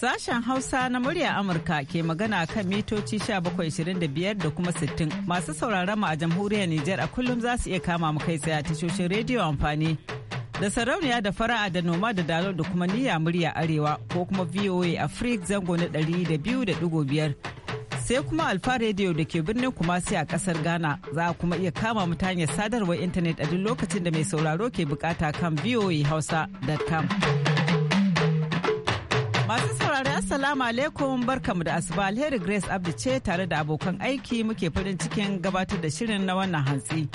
Sashen Hausa na murya Amurka ke magana kan mitoci 1725 da kuma 60 masu sauraron mu a jamhuriyar Nijar a kullum za su iya kama mu kai tsaye a tashoshin rediyo amfani da sarauniya da fara'a da noma da dalo da kuma niyya murya arewa ko kuma VOA Africa zango na da da biyu biyar sai kuma alfa rediyo da ke birnin kumasi a kasar Ghana za a kuma iya kama mu hanyar sadarwar intanet a duk lokacin da mai sauraro ke bukata kan voahausa.com. saurari assalamu alaikum barkamu da asuba alheri grace abdu ce tare da abokan aiki muke farin cikin gabatar da shirin na wannan hantsi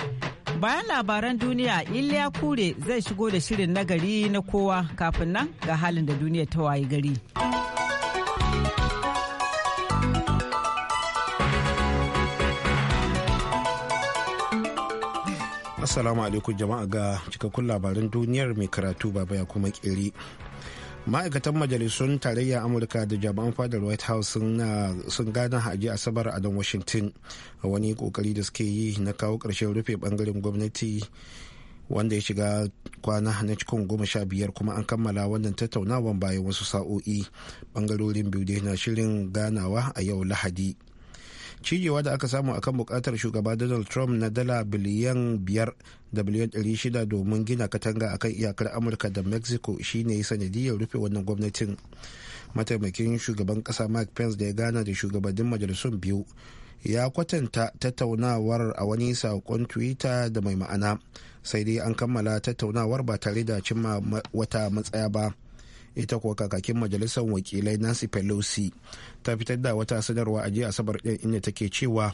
bayan labaran duniya iliya kure zai shigo da shirin na gari na kowa kafin nan ga halin da duniya ta wayi gari assalamu alaikum jama'a ga cikakkun labaran duniyar mai karatu baba ya kuma kiri ma'aikatan majalisun tarayyar amurka da jami'an fadar white house sun gana haji asabar a don washington a wani kokari da suke yi na kawo ƙarshen rufe bangaren gwamnati wanda ya shiga kwana na cikin goma sha biyar kuma an kammala wannan tattaunawan bayan wasu sa'o'i bangarorin biyu na shirin ganawa a yau lahadi cijewa da aka samu akan bukatar shugaba donald trump na dala biliyan biyar da biliyan 600 domin gina katanga akan iyakar amurka da mexico shine sanadiyar rufe wannan gwamnatin mataimakin shugaban kasa mike pence da ya gana da shugabannin majalisun biyu ya kwatanta tattaunawar a wani saƙon twitter da mai ma'ana sai dai an kammala tattaunawar ba tare da cimma wata matsaya ba ita kuwa kakakin majalisar wakilai nancy pelosi ta fitar da wata sanarwa a jiya asabar ɗin inda take cewa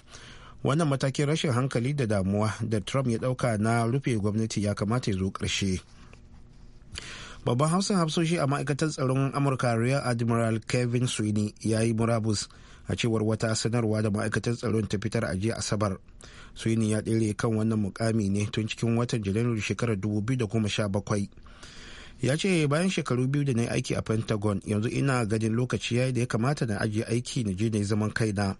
wannan matakin rashin hankali da damuwa da trump ya dauka na rufe gwamnati ya kamata ya zo karshe. babban hausan hafsoshi a ma'aikatar tsaron amurka rear admiral kevin sweeney ya yi murabus a cewar wata sanarwa da ma'aikatar tsaron ta fitar a jiya asabar sweeney ya ɗere kan wannan mukami ne tun cikin watan janairu shekarar 2017 ya ce bayan shekaru biyu da na yi aiki a pentagon yanzu ina ganin lokaci yayi da ya kamata na ajiye aiki na je na yi zaman kaina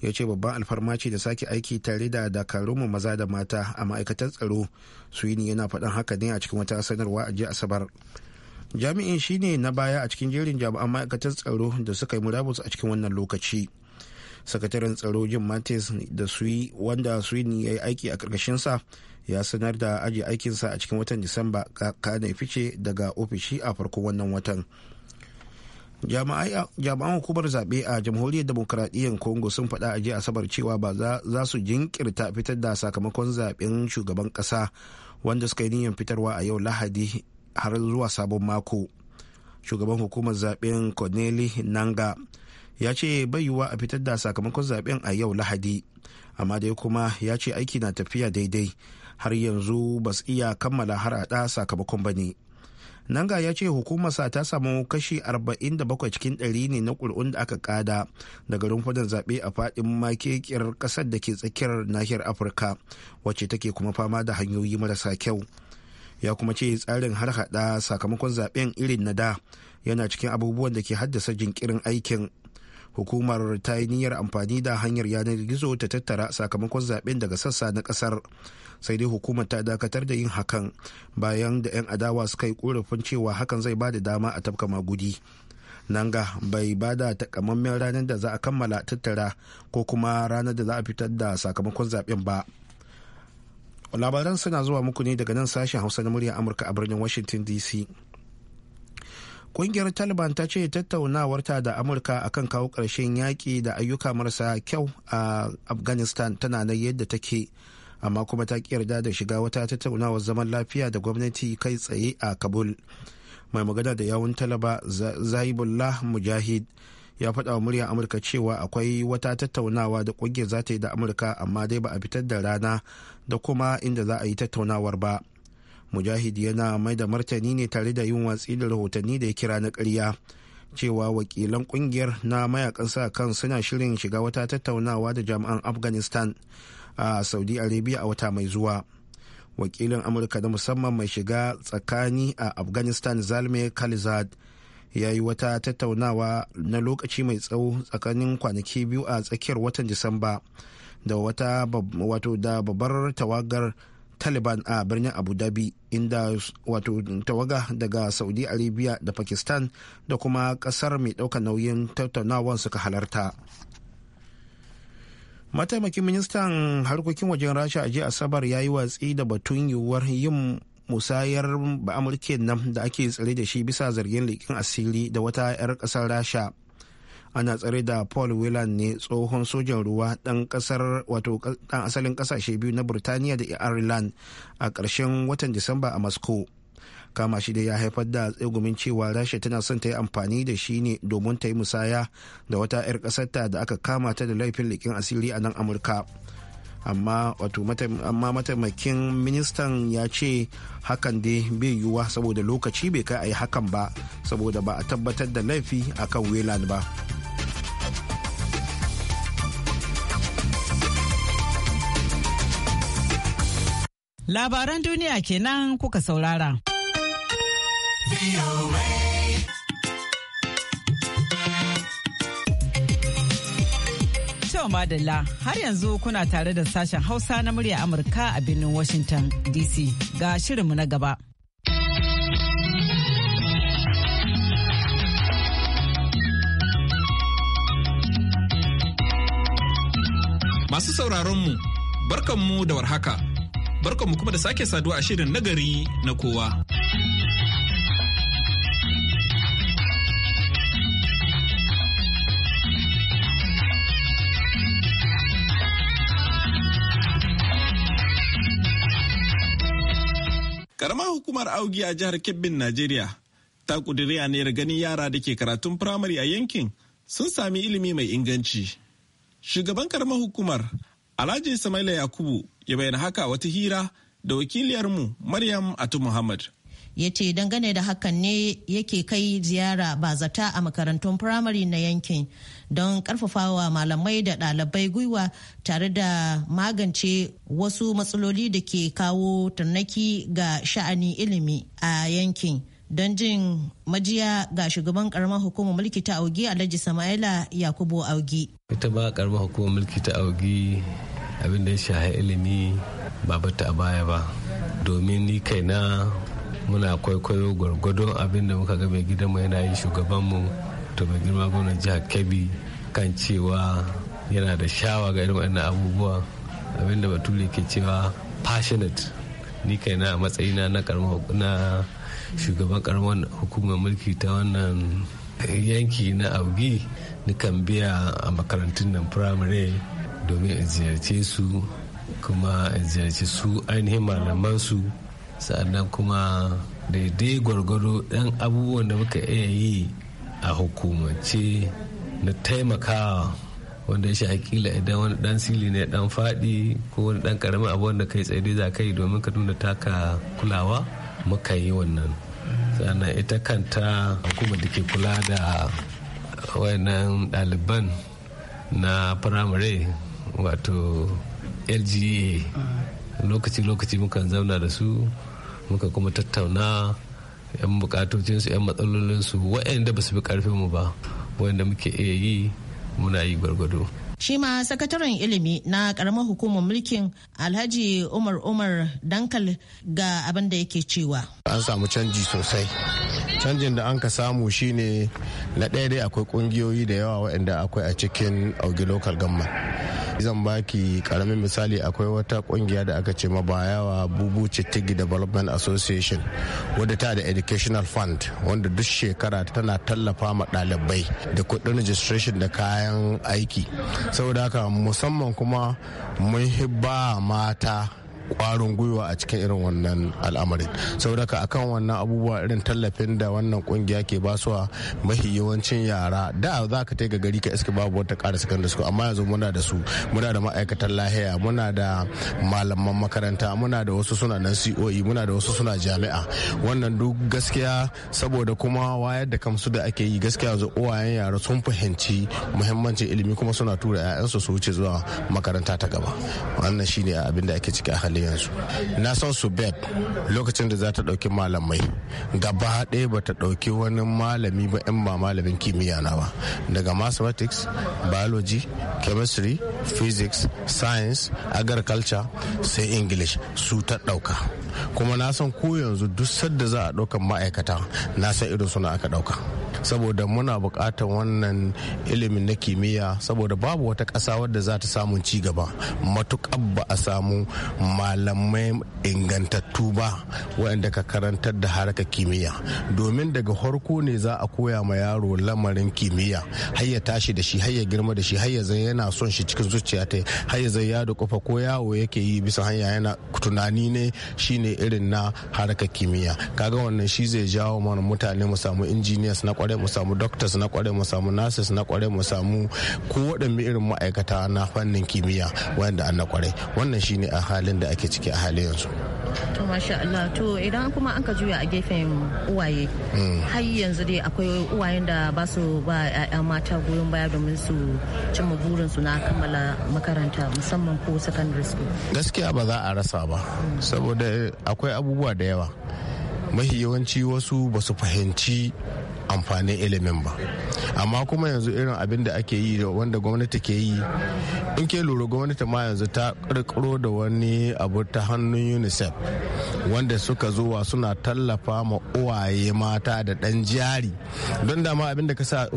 ya ce babban alfarma ce da sake aiki tare da dakarunmu maza da mata a ma'aikatar tsaro su ni yana faɗan haka ne a cikin wata sanarwa a jiya asabar jami'in shine na baya a cikin jerin jami'an ma'aikatar tsaro da suka yi murabus a cikin wannan lokaci sakataren tsaro jim mattis da yi wanda ni ya yi aiki a ƙarƙashinsa ya sanar da aji aikinsa a cikin watan disamba kane fice daga ofishi a farkon wannan watan jami'an hukumar zaɓe a jamhuriyar demokuraɗiyyar congo sun faɗa a jiya asabar cewa ba za su jinkirta fitar da sakamakon zaɓen shugaban ƙasa wanda suka yi niyyar fitarwa a yau lahadi har zuwa sabon mako shugaban hukumar zaɓen corneli nanga ya ce bai yiwuwa a fitar da sakamakon zaɓen a yau lahadi amma dai kuma ya ce aiki na tafiya daidai har yanzu ba su iya kammala harada sakamakon ba ne nanga ya ce hukumarsa ta samu kashi 47 cikin 100 ne na ƙuri'un da aka kada daga rumfunan zaɓe a faɗin makekiyar ƙasar da ke tsakiyar nahiyar afirka wacce take kuma fama da hanyoyi marasa kyau ya kuma ce tsarin harhaɗa sakamakon zaɓen irin na da yana cikin abubuwan da ke haddasa jinkirin aikin hukumar ta yi niyyar amfani da hanyar yanar gizo ta tattara sakamakon zaben daga sassa na kasar sai dai hukumar ta dakatar da yin hakan bayan da 'yan adawa suka yi korafin cewa hakan zai ba da dama a tafka magudi nanga bai ba da takamammen ranar da za a kammala tattara ko kuma ranar da za a fitar da sakamakon zaben ba labaran suna zuwa muku ne daga nan sashen hausa na murya amurka a birnin washington dc Kungiyar Taliban ta ce tattaunawarta da Amurka akan kawo ƙarshen yaƙi da ayyuka marasa kyau a Afghanistan tana nan yadda take, amma kuma ta yarda da shiga wata tattaunawar zaman lafiya da gwamnati kai tsaye a Kabul. Mai magana da yawun Talaba Zahibullah Mujahid ya faɗa wa muryar amurka cewa akwai wata tattaunawa da ƙungiyar za ta yi da amurka amma dai ba a fitar da rana da kuma inda za a yi tattaunawar ba mujahid yana mai da martani ne tare da yin watsi da rahotanni da ya kira na karya cewa wakilan kungiyar na mayakan sa kan suna shirin shiga wata tattaunawa da jami'an afghanistan a saudi arabia a wata mai zuwa wakilin amurka da musamman mai shiga tsakani a afghanistan zalme khalizad ya yi wata tattaunawa na lokaci mai tsawo tsakanin kwanaki biyu a tsakiyar watan disamba da wata wato da babbar tawagar taliban a birnin abu dhabi inda wato tawaga daga saudi arabia da pakistan da kuma kasar mai ɗaukar nauyin tattaunawar suka halarta mataimakin ministan harkokin wajen rasha a jiya asabar ya yi watsi da batun yiwuwar yin musayar ba nan da ake tsare da shi bisa zargin leƙin asiri da wata 'yar ƙasar rasha ana tsare da paul whelan ne tsohon sojan ruwa dan kasar wato dan asalin kasashe biyu na burtaniya da ireland a ƙarshen watan disamba a moscow kama shi da ya haifar da tsegumin cewa rasha tana son ta yi amfani da shi ne domin ta yi musaya da wata 'yar ƙasarta da aka kama ta da laifin likin asiri a nan amurka amma wato mataimakin ministan ya ce hakan dai bai yiwuwa saboda lokaci bai kai a yi hakan ba saboda ba a tabbatar da laifi akan kan ba. Labaran duniya kenan kuka saurara. Yau Madalla har yanzu kuna tare da sashen Hausa na murya Amurka a birnin Washington DC ga shirinmu na gaba. Masu sauraronmu, barkanmu da warhaka. mu kuma da sake saduwa a shirin nagari na kowa. Karamar hukumar augi a jihar Kebbin, Najeriya, ta ƙudiri aniyar ganin yara da ke karatun firamare a yankin sun sami ilimi mai inganci. Shugaban karamar hukumar Alhaji Samaila Yakubu ya bayyana haka wata hira da wakiliyarmu Maryam Atu Muhammad. ya ce dangane da hakan ne yake kai ziyara ba zata a makarantun firamare na yankin don karfafawa malamai da ɗalibai gwiwa tare da magance wasu matsaloli da ke kawo tarnaki ga sha'ani ilimi a yankin don jin majiya ga shugaban karamar hukumar mulki ta augi alhaji sama'ila yakubu augi ita ba karamar hukumar mulki ta augi abin da ya shahi ilimi ba bata a baya ba domin ni kaina muna kwaikwayo gwargwadon abin da muka ga mai gidanmu yana yin shugabanmu to mai girma gwamnan jihar kebbi kan cewa yana da shawa ga irin wannan abubuwa abin da ke cewa passionate ni kaina a matsayina na shugaban karamar hukumar mulki ta wannan yanki na augi kan biya a makarantun nan firamare domin in ziyarce su kuma in ziyarci su ainihin malaman su sa'annan kuma daidai gwargwaro ɗan abubuwan da muka iya yi a hukumance na taimakawa wanda ya shakila idan wani dan sili ne dan faɗi ko wani dan karamin abu wanda kai tsaye za ka yi domin ka nuna taka kulawa muka yi wannan sannan ita kanta hukumar da ke kula da wayannan ɗaliban na firamare wato lga lokaci-lokaci muka zauna da su muka kuma tattauna 'yan bukatocinsu 'yan matsalolinsu wa'anda ba su fi karfin mu ba wa'anda muke iya yi muna yi gwargwado Shi ma sakataren ilimi na karamar hukumar mulkin Alhaji Umar Umar Dankal ga abin da yake cewa. An samu canji sosai. Canjin da an ka samu shine na ɗaya dai akwai ƙungiyoyi da yawa waɗanda akwai a cikin auge Local gamma. zan baki karamin misali akwai wata kungiya da aka ce mabayawa bubu cittigi development association wadda ta da educational fund wanda duk shekara tana tallafa ma ɗalibai da kuɗin registration da kayan aiki saboda haka musamman kuma mun hibba mata kwarin gwiwa a cikin irin wannan al'amarin saboda ka akan wannan abubuwa irin tallafin da wannan kungiya ke basuwa mahi yawancin yara da za ka ga gari ka iska babu wata ƙara da su amma yanzu muna da su muna da ma'aikatan lahiya muna da malaman makaranta muna da wasu suna nan coe muna da wasu suna jami'a wannan duk gaskiya saboda kuma wayar da kamsu da ake yi gaskiya yanzu uwayen yara sun fahimci muhimmancin ilimi kuma suna tura 'ya'yansu su wuce zuwa makaranta ta gaba wannan shine abin da ake ciki a yanzu na san su beb lokacin da za ta ɗauki malamai gaba ɗaya ba ta ɗauki wani malami ba in ba malamin kimiyya na ba daga mathematics biology chemistry physics science agriculture sai english su ta ɗauka kuma na san ko yanzu duk sadda za a ɗaukan ma'aikata na san irin suna aka ɗauka saboda muna buƙatar wannan ilimin na kimiyya saboda babu wata ƙasa wadda za ta samun ci gaba matuƙar ba a samu malamai ingantattu ba waɗanda ka karantar da harkar kimiyya domin daga horko ne za a koya ma yaro lamarin kimiyya har ya tashi da shi har ya girma da shi har ya zai yana son shi cikin zuciya ta har ya zai yado kofa ko yawo yake yi bisa hanya yana tunani ne shine irin na harkar kimiyya kaga wannan shi zai jawo mana mutane mu samu engineers na kwarai mu samu doctors na kwarai mu samu nurses na kwarai mu samu ko waɗanne irin ma'aikata na fannin kimiyya wanda an na kwarai wannan shine a halin da ake ciki a halin yanzu to masha Allah to idan kuma an ka juya a gefen uwaye hmm. har yanzu dai akwai uwayen da ba su ba 'ya'ya mata goyon baya domin su cimma burin su na kammala makaranta musamman ko secondary school gaskiya ba za a rasa ba saboda akwai abubuwa da yawa mahi yawanci wasu ba su fahimci amfanin ilimin ba amma kuma yanzu irin abin da ake yi wanda gwamnati ke yi in ke lura gwamnati ma yanzu ta kirkiro da wani abu ta hannun unicef wanda suka zuwa suna tallafa ma uwaye mata da ɗan jari don dama abin da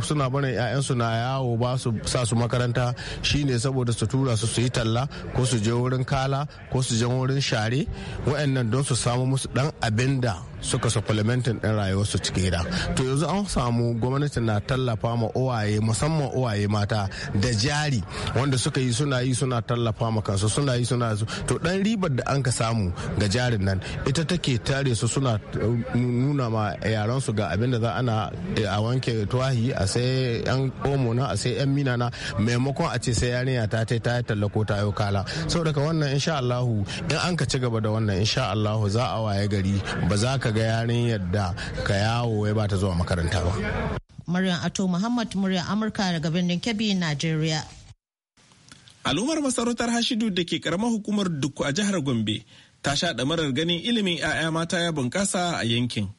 suna barin su na yawo ba su sa su makaranta shine saboda su tura su su yi talla ko su je wurin kala ko su je wurin share wa'annan don su samu musu ɗan abin da suka supplementin ɗin rayuwarsu cikin gida to yanzu an samu gwamnati na tallafa ma uwaye musamman uwaye mata da jari wanda suka yi suna yi suna tallafa ma kansu suna yi suna to dan ribar da an ka samu ga jarin nan ita take tare su suna uh, nuna ma yaran su ga abin da za ana eh, a wanke tuwahi a sai yan omo na a sai yan mina na maimakon a ce sai yarinya ta ta ta tallako ta yau kala saboda wannan insha Allahu in an ka ci gaba da wannan insha Allahu za a waye gari ba za ka ga yarinyar da ka yawo ya ba ta zuwa makaranta aikatawa. Maryam Ato Muhammad murya Amurka daga birnin Kebbi, Najeriya. Al'ummar masarautar Hashidu da ke karamar hukumar Dukku a jihar Gombe ta sha damarar ganin ilimin 'ya'ya mata ya bunƙasa a yankin.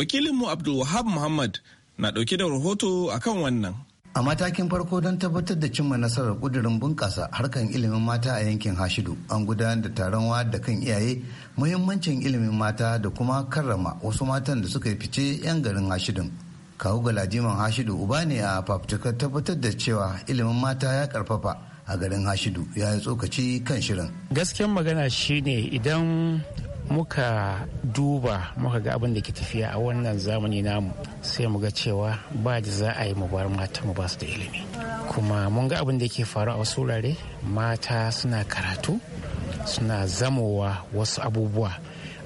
Wakilinmu Abdul Wahab Muhammad na ɗauke da rahoto akan wannan. a matakin farko don tabbatar da cimma nasarar ƙudurin bunƙasa harkar ilimin mata a yankin hashidu an gudanar da taron wa da kan iyaye muhimmancin ilimin mata da kuma karrama wasu matan da suka fice 'yan garin hashidun kawo galajiman hashidu uba ne a fafutuka tabbatar da cewa ilimin mata ya karfafa a garin hashidu ya yi tsokaci kan shirin gasken magana shine idan muka duba muka ga abin da ke tafiya a wannan zamani namu sai mu ga cewa ba da za a yi mu bar mata mu ba su da ilimi kuma mun ga abin da ke faru a wasu wurare mata suna karatu suna zamowa wasu abubuwa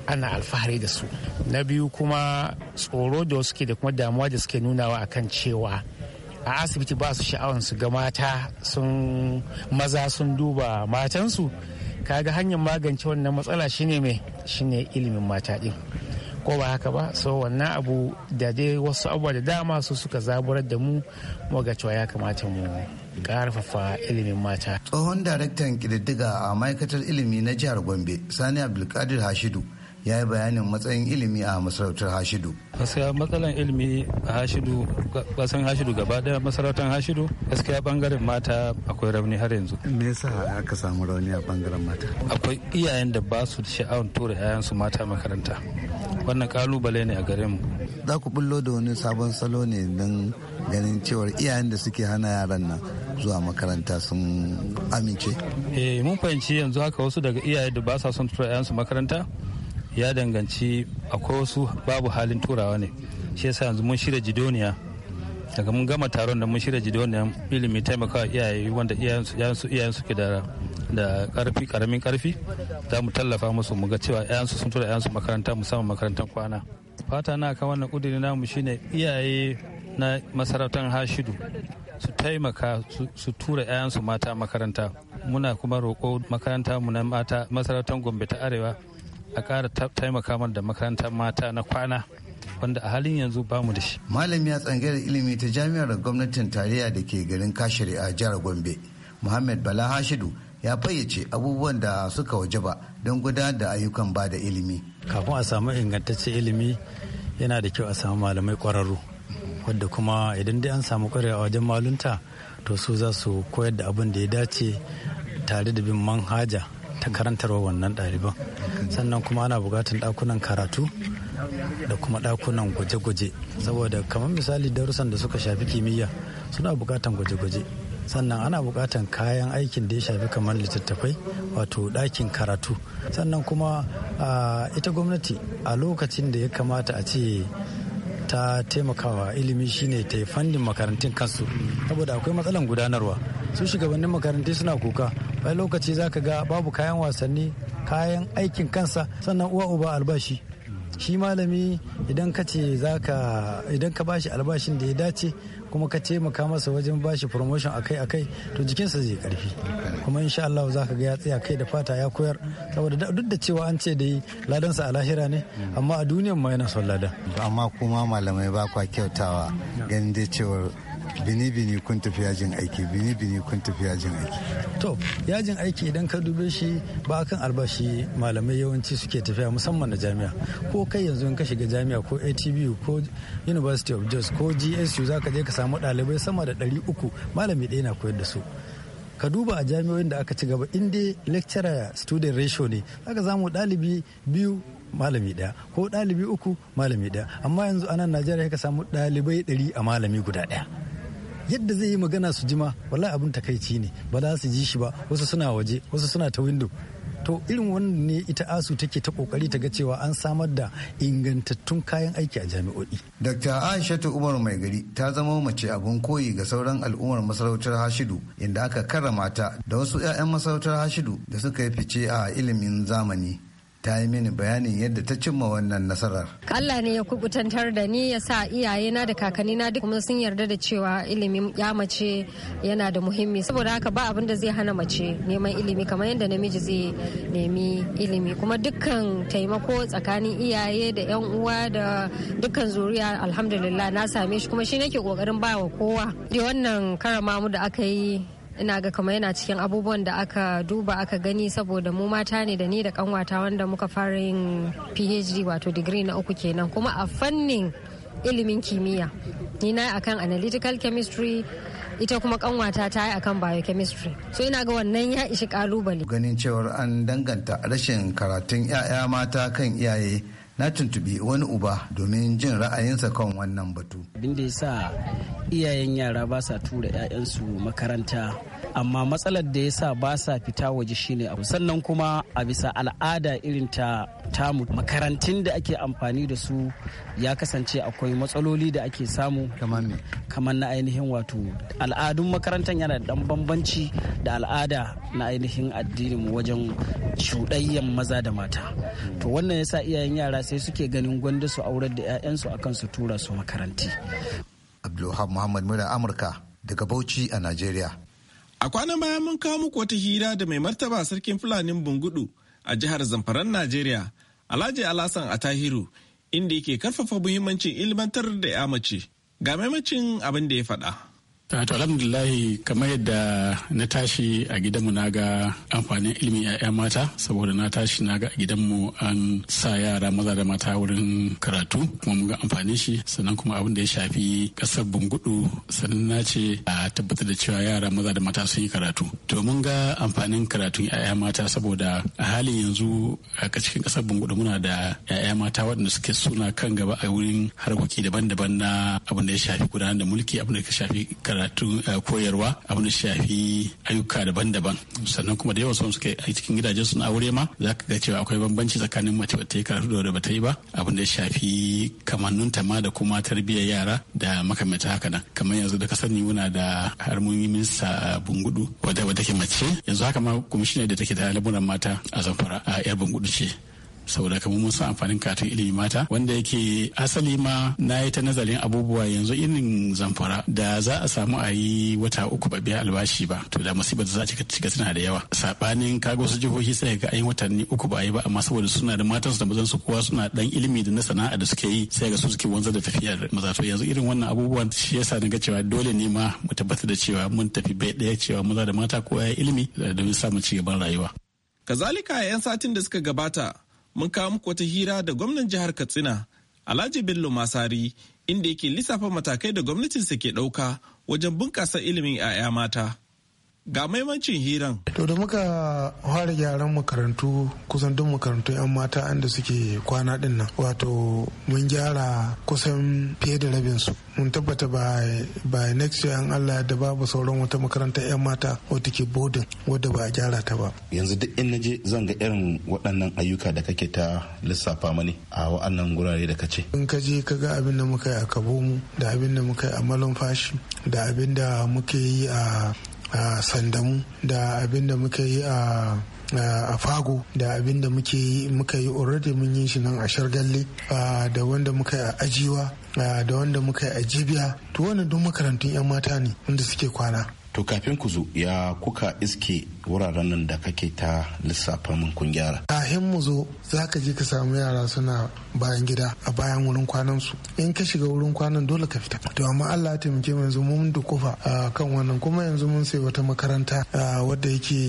ana alfahari da su na biyu kuma tsoro da suke da kuma damuwa da suke nunawa akan cewa a asibiti ba su sha'awar su ga mata sun maza sun duba matansu kaga hanyar magance wannan matsala shine mai shine ilimin mata din ko ba haka ba so wannan abu da dai wasu abubuwa da dama su suka zaburar da mu mu ga cewa ya kamata mu karfafa ilimin mata tsohon daraktan kididdiga a ma'aikatar ilimi na jihar gombe sani abdulkadir hashidu ya yi bayanin matsayin ilimi a masarautar hashidu gaskiya matsalan ilimi a hashidu kasan hashidu gaba daya masarautar hashidu gaskiya bangaren mata akwai rauni har yanzu me yasa aka samu rauni a bangaren mata akwai iyayen da ba su sha'awar tura 'ya'yansu mata makaranta wannan kalubale ne a gare mu za ku bullo da wani sabon salo ne don ganin cewar iyayen da suke hana yaran nan zuwa makaranta sun amince eh mun fahimci yanzu haka wasu daga iyaye da ba sa son tura 'ya'yansu makaranta ya danganci akwai wasu babu halin turawa ne shi yasa yanzu mun shirya jidoniya daga mun gama taron da mun shirya jidoniya ilimin taimakawa iyaye wanda iyayen suke da da karfi karamin karfi za mu tallafa musu mu ga cewa iyayensu sun tura iyayensu makaranta musamman makarantar kwana fata na kan wannan kudiri namu shine iyaye na masarautar hashidu su taimaka su tura 'ya'yansu mata makaranta muna kuma roƙo makaranta mu na mata masarautar gombe ta arewa a ƙara taimaka mana da makarantar mata na kwana wanda a halin yanzu ba mu da shi. Malami ya tsangayar ilimi ta jami'ar gwamnatin tarayya da ke garin kashiri a jihar Gombe, Muhammad Bala Hashidu ya fayyace abubuwan da suka wajaba don gudanar da ayyukan ba da ilimi. Kafin a samu ingantaccen ilimi yana da kyau a samu malamai kwararru Wadda kuma idan dai an samu kwarewa wajen malunta to su za su koyar da abin da ya dace tare da bin manhaja ta karantarwa wannan ɗaliban sannan kuma ana buƙatar ɗakunan karatu da kuma ɗakunan gwaje-gwaje saboda kamar misali darussan da suka shafi kimiyya suna buƙatar gwaje-gwaje sannan ana buƙatar kayan aikin da ya shafi kamar littattafai wato ɗakin karatu sannan kuma ita gwamnati a lokacin da ya kamata a ce ta taimakawa ilimi shine ta yi fannin makarantun kansu saboda akwai matsalan gudanarwa su shugabannin makarantun suna kuka wani lokaci za ka ga babu kayan wasanni kayan aikin kansa sannan uwa uba albashi shi malami idan ka ce za ka idan ka bashi albashin da ya dace kuma ka taimaka masa wajen bashi promotion akai akai to jikinsa zai karfi kuma insha Allah za ka ga ya tsaya kai da fata ya koyar saboda duk da cewa an ce da yi ladansa a lahira ne amma a duniyar ma yana son lada amma kuma malamai ba kwa kyautawa ganin da cewar bini-bini kun tafi yajin aiki bini-bini kun tafi yajin aiki to yajin aiki idan ka dube shi ba kan albashi malamai yawanci suke tafiya musamman na jami'a ko kai yanzu in ka shiga jami'a ko atbu ko university of jos ko gsu za ka je ka samu ɗalibai sama da ɗari uku malami ɗaya na koyar da su ka duba a jami'o'in da aka ci gaba in dai lecturer student ratio ne aka zamu ɗalibi biyu malami ɗaya ko ɗalibi uku malami ɗaya amma yanzu a nan najeriya ka samu ɗalibai ɗari a malami guda ɗaya yadda zai yi magana su jima wallahi abin takaici ne ba za su ji shi ba wasu suna waje wasu suna ta window to irin wannan ne ita asu take ta kokari ta ga cewa an samar da ingantattun kayan aiki a jami'o'i dr aishatu umar mai gari ta zama mace abun koyi ga sauran al'ummar masarautar hashidu inda aka karrama ta da wasu 'ya'yan masarautar hashidu da suka yi fice a ilimin zamani ta yi mini bayanin yadda ta cimma wannan nasarar. Allah ne ya kubutantar da ni ya sa iyayena da na duk kuma sun yarda da cewa ilimi ya mace yana da muhimmi saboda haka ba abin da zai hana mace neman ilimi kamar yadda namiji zai nemi ilimi kuma dukkan taimako tsakanin iyaye da yan uwa da dukkan zuriya alhamdulillah na same shi kuma shi nake kokarin ba wa kowa. Da wannan karama mu da aka yi ina ga kamar yana cikin abubuwan da aka duba aka gani saboda mu mata ne da ni da kanwata wanda muka fara yin phd wato digiri na uku kenan kuma a fannin ilimin kimiyya ni na akan analytical chemistry ita kuma kanwata ta yi akan biochemistry so ina ga wannan ya ishi kalubale ganin cewar an danganta rashin karatun 'ya'ya mata kan iyaye na tuntubi wani uba domin jin ra'ayinsa kan wannan batu. Abin da ya sa iyayen yara ba sa tura 'ya'yansu makaranta amma matsalar da ya sa ba sa fita waje shine abu sannan kuma a bisa al'ada irin ta tamu makarantun da ake amfani da su ya kasance akwai matsaloli da ake samu kamar na ainihin wato al'adun makarantar yana da dan bambanci da al'ada na ainihin addinin wajen cuɗayyan maza da mata to wannan yasa iyayen yara sai suke ganin gwanda su aurar da 'ya'yansu akan su tura su makaranti. Abdulhab Muhammad muna Amurka daga Bauchi a Najeriya. A kwanan bayan mun kawo muku wata hira da mai martaba sarkin Fulanin Bungudu a jihar Zamfaran Najeriya, Alhaji Alasan Atahiru, inda yake karfafa muhimmancin ilmantar da 'ya mace. Ga maimacin abin da ya faɗa. Eh, to alhamdulillahi kamar yadda na tashi a gidanmu na ga amfanin ilimin 'ya'ya mata saboda na tashi na ga a gidanmu an sa yara maza da mata wurin karatu kuma mun ga amfanin shi sannan kuma abin da ya shafi kasar bungudu sannan na ce a tabbatar da cewa yara maza da mata sun yi karatu to mun ga amfanin karatun 'ya'ya mata saboda a halin yanzu a cikin kasar bungudu muna da 'ya'ya mata waɗanda suke suna kan gaba a wurin harkoki daban-daban na abin da ya shafi gudanar da mulki abin da ya shafi karatu eh, koyarwa abin da shafi ayyuka daban-daban sannan kuma da yawa sun suka a cikin gidajen sun aure ma za ka ga cewa akwai bambanci tsakanin mace bata yi karatu da bata yi ba abin da shafi kamannun ta ma da kuma tarbiyyar yara da makamanta haka nan kamar yanzu da ka sani muna da har mun yi minista eh, bungudu wadda wadda ke mace yanzu haka ma kuma ne da take da lamuran mata a zamfara a eh, yar bungudu ce saboda kamar mun san amfanin katon ilimi mata wanda yake asali ma na yi ta nazarin abubuwa yanzu irin zamfara da za a samu a yi wata uku ba biya albashi ba to da musibar za a cika tana da yawa sabanin kago su jihohi sai ga ayin watanni uku ba yi ba amma saboda suna da matan su da mazan su kowa suna dan ilimi da na sana'a da suke yi sai ga su suke wanzar da tafiyar maza to yanzu irin wannan abubuwan shi yasa na ga cewa dole ne ma mu tabbatar da cewa mun tafi bai daya cewa maza da mata kowa ya ilimi domin samun ci gaban rayuwa kazalika 'yan satin da suka gabata mun kawo muku wata hira da gwamnan jihar katsina alhaji bello masari inda yake lissafa matakai da gwamnatinsa ke ɗauka wajen bunƙasa ilimin 'ya'ya mata ga maimancin hiran. To da muka fara gyaran makarantu kusan duk makarantu 'yan mata an suke kwana din nan wato mun gyara kusan fiye da rabin su. Mun tabbata ba next year an Allah da babu sauran wata makaranta 'yan mata wata ke bodin wadda ba a gyara ta ba. Yanzu duk in naje zan ga irin waɗannan ayyuka da kake ta lissafa mani a waɗannan gurare da kace. In ka je ka ga abin da muka yi a Kabomu da abin da muka yi a Malumfashi da abin da muka yi a a sandamu da abin da muka yi a a fago da abin da muke yi muka yi already mun yi shi nan a shargalle da wanda muka yi a ajiwa da wanda muka yi a jibiya to wannan duk makarantun 'yan mata ne wanda suke kwana to kafin ku zo ya kuka iske wuraren nan da kake ta lissafa min kun gyara kafin mu zo za ka je ka samu yara suna bayan gida a bayan wurin kwanan su in ka shiga wurin kwanan dole ka fita to amma Allah ya taimake mu yanzu mun da kofa kan wannan kuma yanzu mun sai wata makaranta wadda yake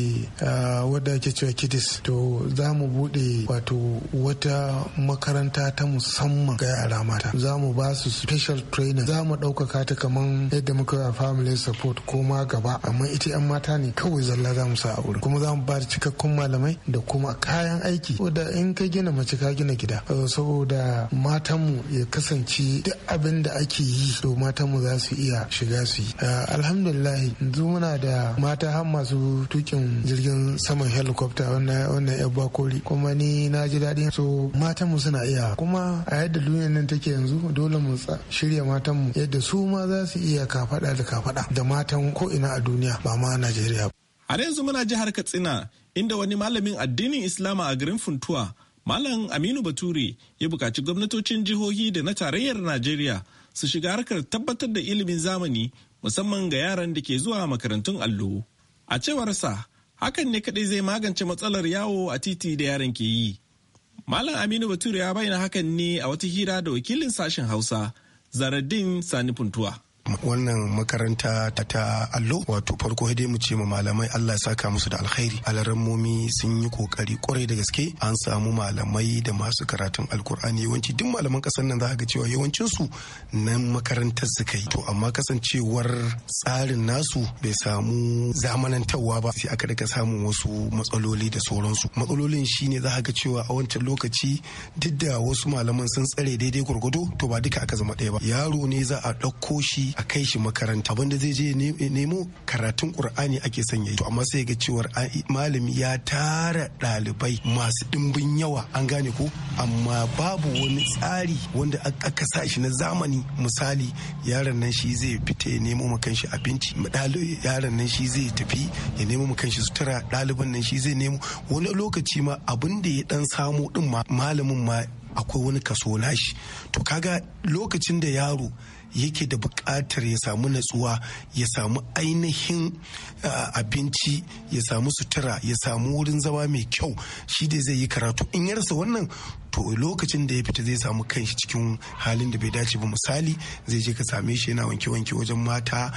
wadda yake cewa kidis to za mu bude wato wata makaranta ta musamman ga yara mata za mu ba su special training za mu ɗaukaka ta kaman yadda muka family support ko ma ga ba amma ita yan mata ne kawai zalla za mu sa a wurin kuma za mu ba da cikakkun malamai da kuma kayan aiki da in ka gina mace ka gina gida eh, saboda matanmu ya kasance duk abin da ake yi to matanmu za su iya shiga su yi eh, alhamdulillah yanzu muna da mata har masu tukin jirgin saman helicopter wannan yan bakori kuma ni na ji daɗi so matanmu suna iya kuma a yadda duniyar nan take yanzu dole mu shirya matanmu yadda su ma za su iya kafaɗa da kafaɗa da matan ko ina kenan a duniya ba ma a Najeriya. Har yanzu muna jihar Katsina inda wani malamin addinin Islama a garin Funtuwa, Malam Aminu Bature ya buƙaci gwamnatocin jihohi da na tarayyar Najeriya su shiga harkar tabbatar da ilimin zamani musamman ga yaran da ke zuwa makarantun allo. A cewarsa, hakan ne kaɗai zai magance matsalar yawo a titi da yaran ke yi. Malam Aminu Bature ya bayyana hakan ne a wata hira da wakilin sashen Hausa, Zaradin Sani Funtuwa. wannan makaranta ta ta allo wato farko dai mu ce ma malamai Allah ya saka musu da alkhairi momi sun yi kokari kwarai da gaske an samu malamai da masu karatun alkur'ani yawanci duk malaman kasar nan za ga cewa yawancinsu su nan makarantar suka yi to amma kasancewar tsarin nasu bai samu zamanantarwa ba sai aka daga samun wasu matsaloli da sauransu matsalolin shine za ga cewa a wancan lokaci duk da wasu malaman sun tsare daidai gwargwado to ba duka aka zama ɗaya ba yaro ne za a ɗauko shi a kai shi makaranta wanda zai je nemo karatun qur'ani ake sanya to amma sai ga cewar malami ya tara ɗalibai masu ɗimbin yawa an gane ko amma babu wani tsari wanda aka sa shi na zamani misali yaron nan shi zai fita ya nemo ma kanshi abinci yaron nan shi zai tafi ya nemo ma kanshi sutura ɗaliban nan shi zai nemo wani lokaci ma abin da ya dan samu din ma malamin ma akwai wani kaso nashi to kaga lokacin da yaro yake da buƙatar ya samu natsuwa ya samu ainihin abinci ya samu sutura ya samu wurin zama mai kyau shi da zai yi karatu in ya rasa wannan to lokacin da ya fita zai samu kanshi cikin halin da bai dace ba misali zai je ka same shi yana wanke-wanke wajen mata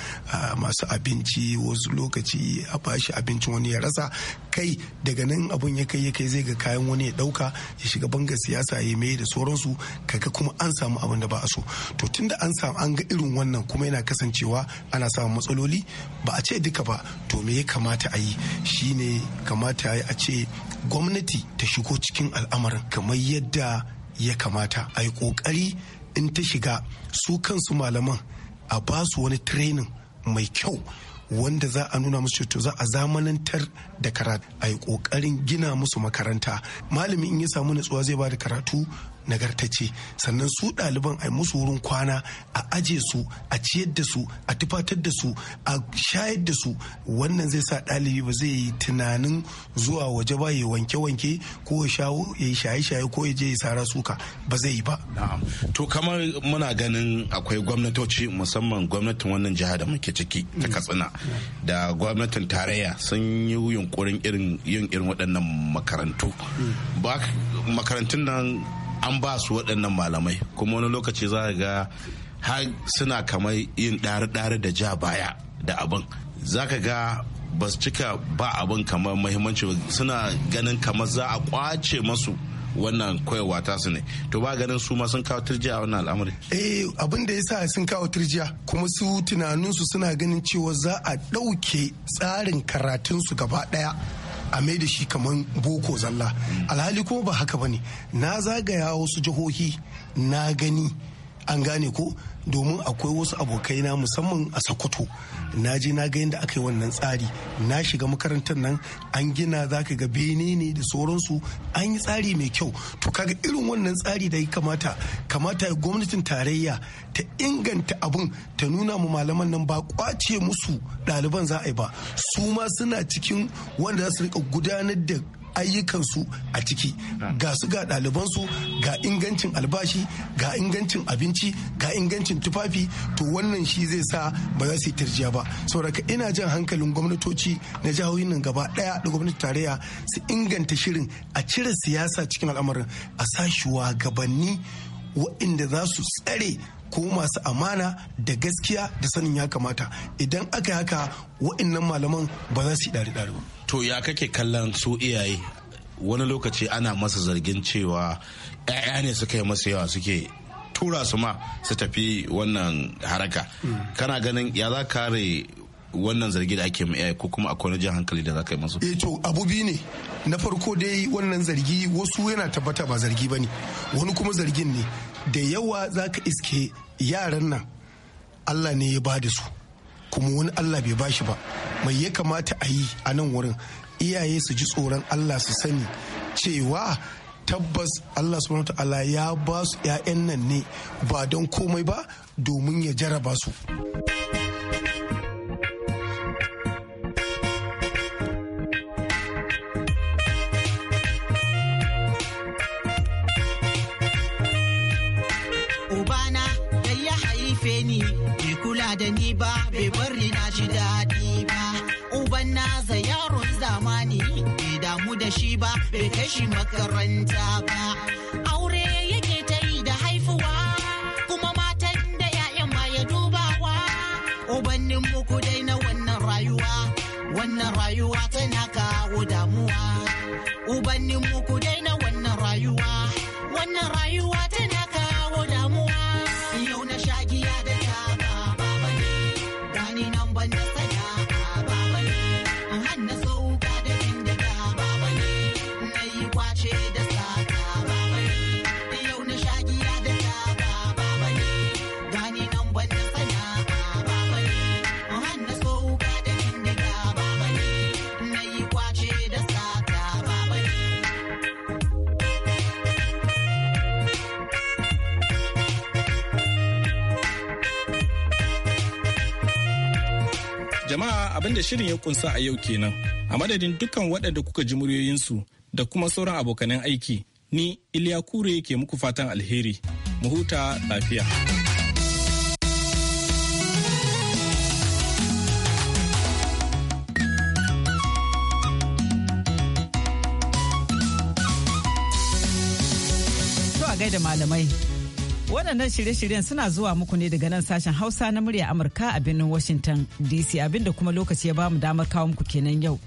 masu abinci wasu lokaci a bashi abincin wani ya rasa kai daga nan abun ya kai ya kai zai ga kayan wani ya dauka ya shiga bangar siyasa ya mai da sauransu kaga kuma an samu abin da ba a so to tunda an samu an ga irin wannan kuma yana kasancewa ana samun matsaloli ba a ce duka ba to me ya kamata a yi shine kamata a ce gwamnati ta shigo cikin al'amarin kamar yadda ya kamata a yi ƙoƙari in ta shiga su kansu malaman a ba su wani training mai kyau wanda za a nuna musu to za a zamanantar da karatu a yi ƙoƙarin gina musu makaranta malamin in ya samu natsuwa zai ba da karatu nagartacce sannan su ɗaliban a musu wurin kwana a aje su a ciyar da su a tufatar da su a shayar da su wannan zai sa ɗalibi ba zai yi tunanin zuwa waje ba ya wanke-wanke ko ya yi shaye-shaye ko ya je ya sara suka ba zai yi ba. to kamar muna ganin akwai gwamnatoci musamman gwamnatin wannan jiha da muke ciki ta mm. katsina da gwamnatin tarayya sun yi yunkurin irin yin irin waɗannan makarantu mm. ba makarantun nan an ba su waɗannan malamai kuma wani lokaci za ga har suna kamar yin ɗari-ɗari da ja baya da abin za ka ga ba su cika ba abin kamar mahimmanci suna ganin kamar za a kwace masu wannan koyarwa ta su ne to ba ganin su ma sun kawo turjiya a wannan al'amari eh abin da yasa sun kawo turjiya kuma su tunaninsu suna ganin cewa za a ɗauke tsarin karatunsu su gaba ɗaya a mai da shi kaman boko zalla alhali kuma ba haka bane na zagaya wasu jihohi na gani an gane ko domin akwai wasu abokai na musamman a sokoto na je na ga yadda aka yi wannan tsari na shiga makarantar nan an gina za ka ga bene ne da sauransu an yi tsari mai kyau to kaga irin wannan tsari da ya kamata kamata ya gwamnatin tarayya ta inganta abun ta nuna mu malaman nan ba kwace musu ɗaliban za a yi ba su ma suna cikin wanda za su rika gudanar da ayyukansu a ciki ga su ga ɗalibansu ga ingancin albashi ga ingancin abinci ga ingancin tufafi to wannan shi zai sa ba za su yi tarjiya ba sauraka ina jan hankalin gwamnatoci na jihohin nan gaba ɗaya da gwamnati tarayya su inganta shirin a cire siyasa cikin al'amarin a sa shuwagabanni waɗanda za su tsare ko masu amana da gaskiya da sanin ya kamata idan aka haka wa'annan malaman ba za su yi ɗari ɗari ba. to ya kake kallon su iyaye wani lokaci ana masa zargin cewa 'ya'ya ne suka yi masa yawa suke tura su ma su tafi wannan haraka mm. kana ganin ya za kare wannan zargi da ake mai ko kuma akwai jin hankali da za ka yi masu E to abu biyu ne na farko dai wannan zargi wasu yana tabbata ba zargi ba ne wani kuma zargin ne da yawa za ka iske yaran nan allah ne ya ba da su kuma wani allah bai bashi ba mai ya kamata a yi a nan wurin iyaye su ji tsoron allah su sani cewa tabbas allah subhanahu ta'ala ya ba su 'ya'yan nan ne ba don komai ba domin ya jaraba su. shi ba bai kai shi makaranta ba aure yake ta yi da haifuwa kuma matan da 'ya'yan ma ya dubawa ubannin muku dai na wannan rayuwa wannan rayuwa tana kawo damuwa ubannin muku dai na wannan rayuwa wannan rayuwa tana abin da shirin ya kunsa a yau kenan. A madadin dukkan waɗanda kuka ji muryoyinsu da kuma sauran abokanen aiki, ni Iliya Kure ke muku fatan alheri. Mu huta lafiya. gaida malamai Waɗannan shirye-shiryen suna zuwa muku ne daga nan sashen Hausa na murya Amurka a birnin Washington DC abinda kuma lokaci ya bamu damar kawo muku kenan yau.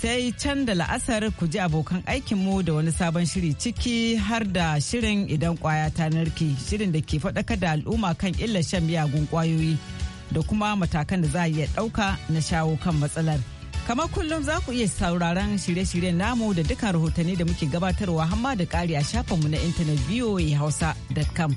Sai can da la'asar ku ji abokan aikinmu da wani sabon shiri ciki har da shirin idan kwaya ta narke shirin da ke faɗaka da al'umma kan illar shan miyagun kwayoyi da kuma matakan da za a iya ɗauka na shawo kan matsalar. Kamar kullum za ku iya sauraron shirye-shiryen namu da dukkan rahotanni da muke gabatarwa hamma da ƙari a shafinmu na intanet voahausa.com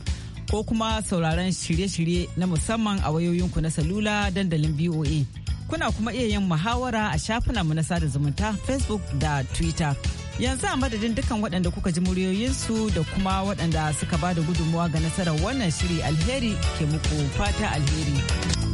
ko kuma sauraron shirye-shirye na musamman a wayoyinku na salula dandalin VOA. Kuna kuma iya yin muhawara a shafinanmu na sada zumunta Facebook da Twitter. Yanzu a madadin dukkan waɗanda kuka ji muryoyinsu da kuma waɗanda suka ba da gudunmuwa ga nasarar wannan shiri alheri ke muku fata alheri.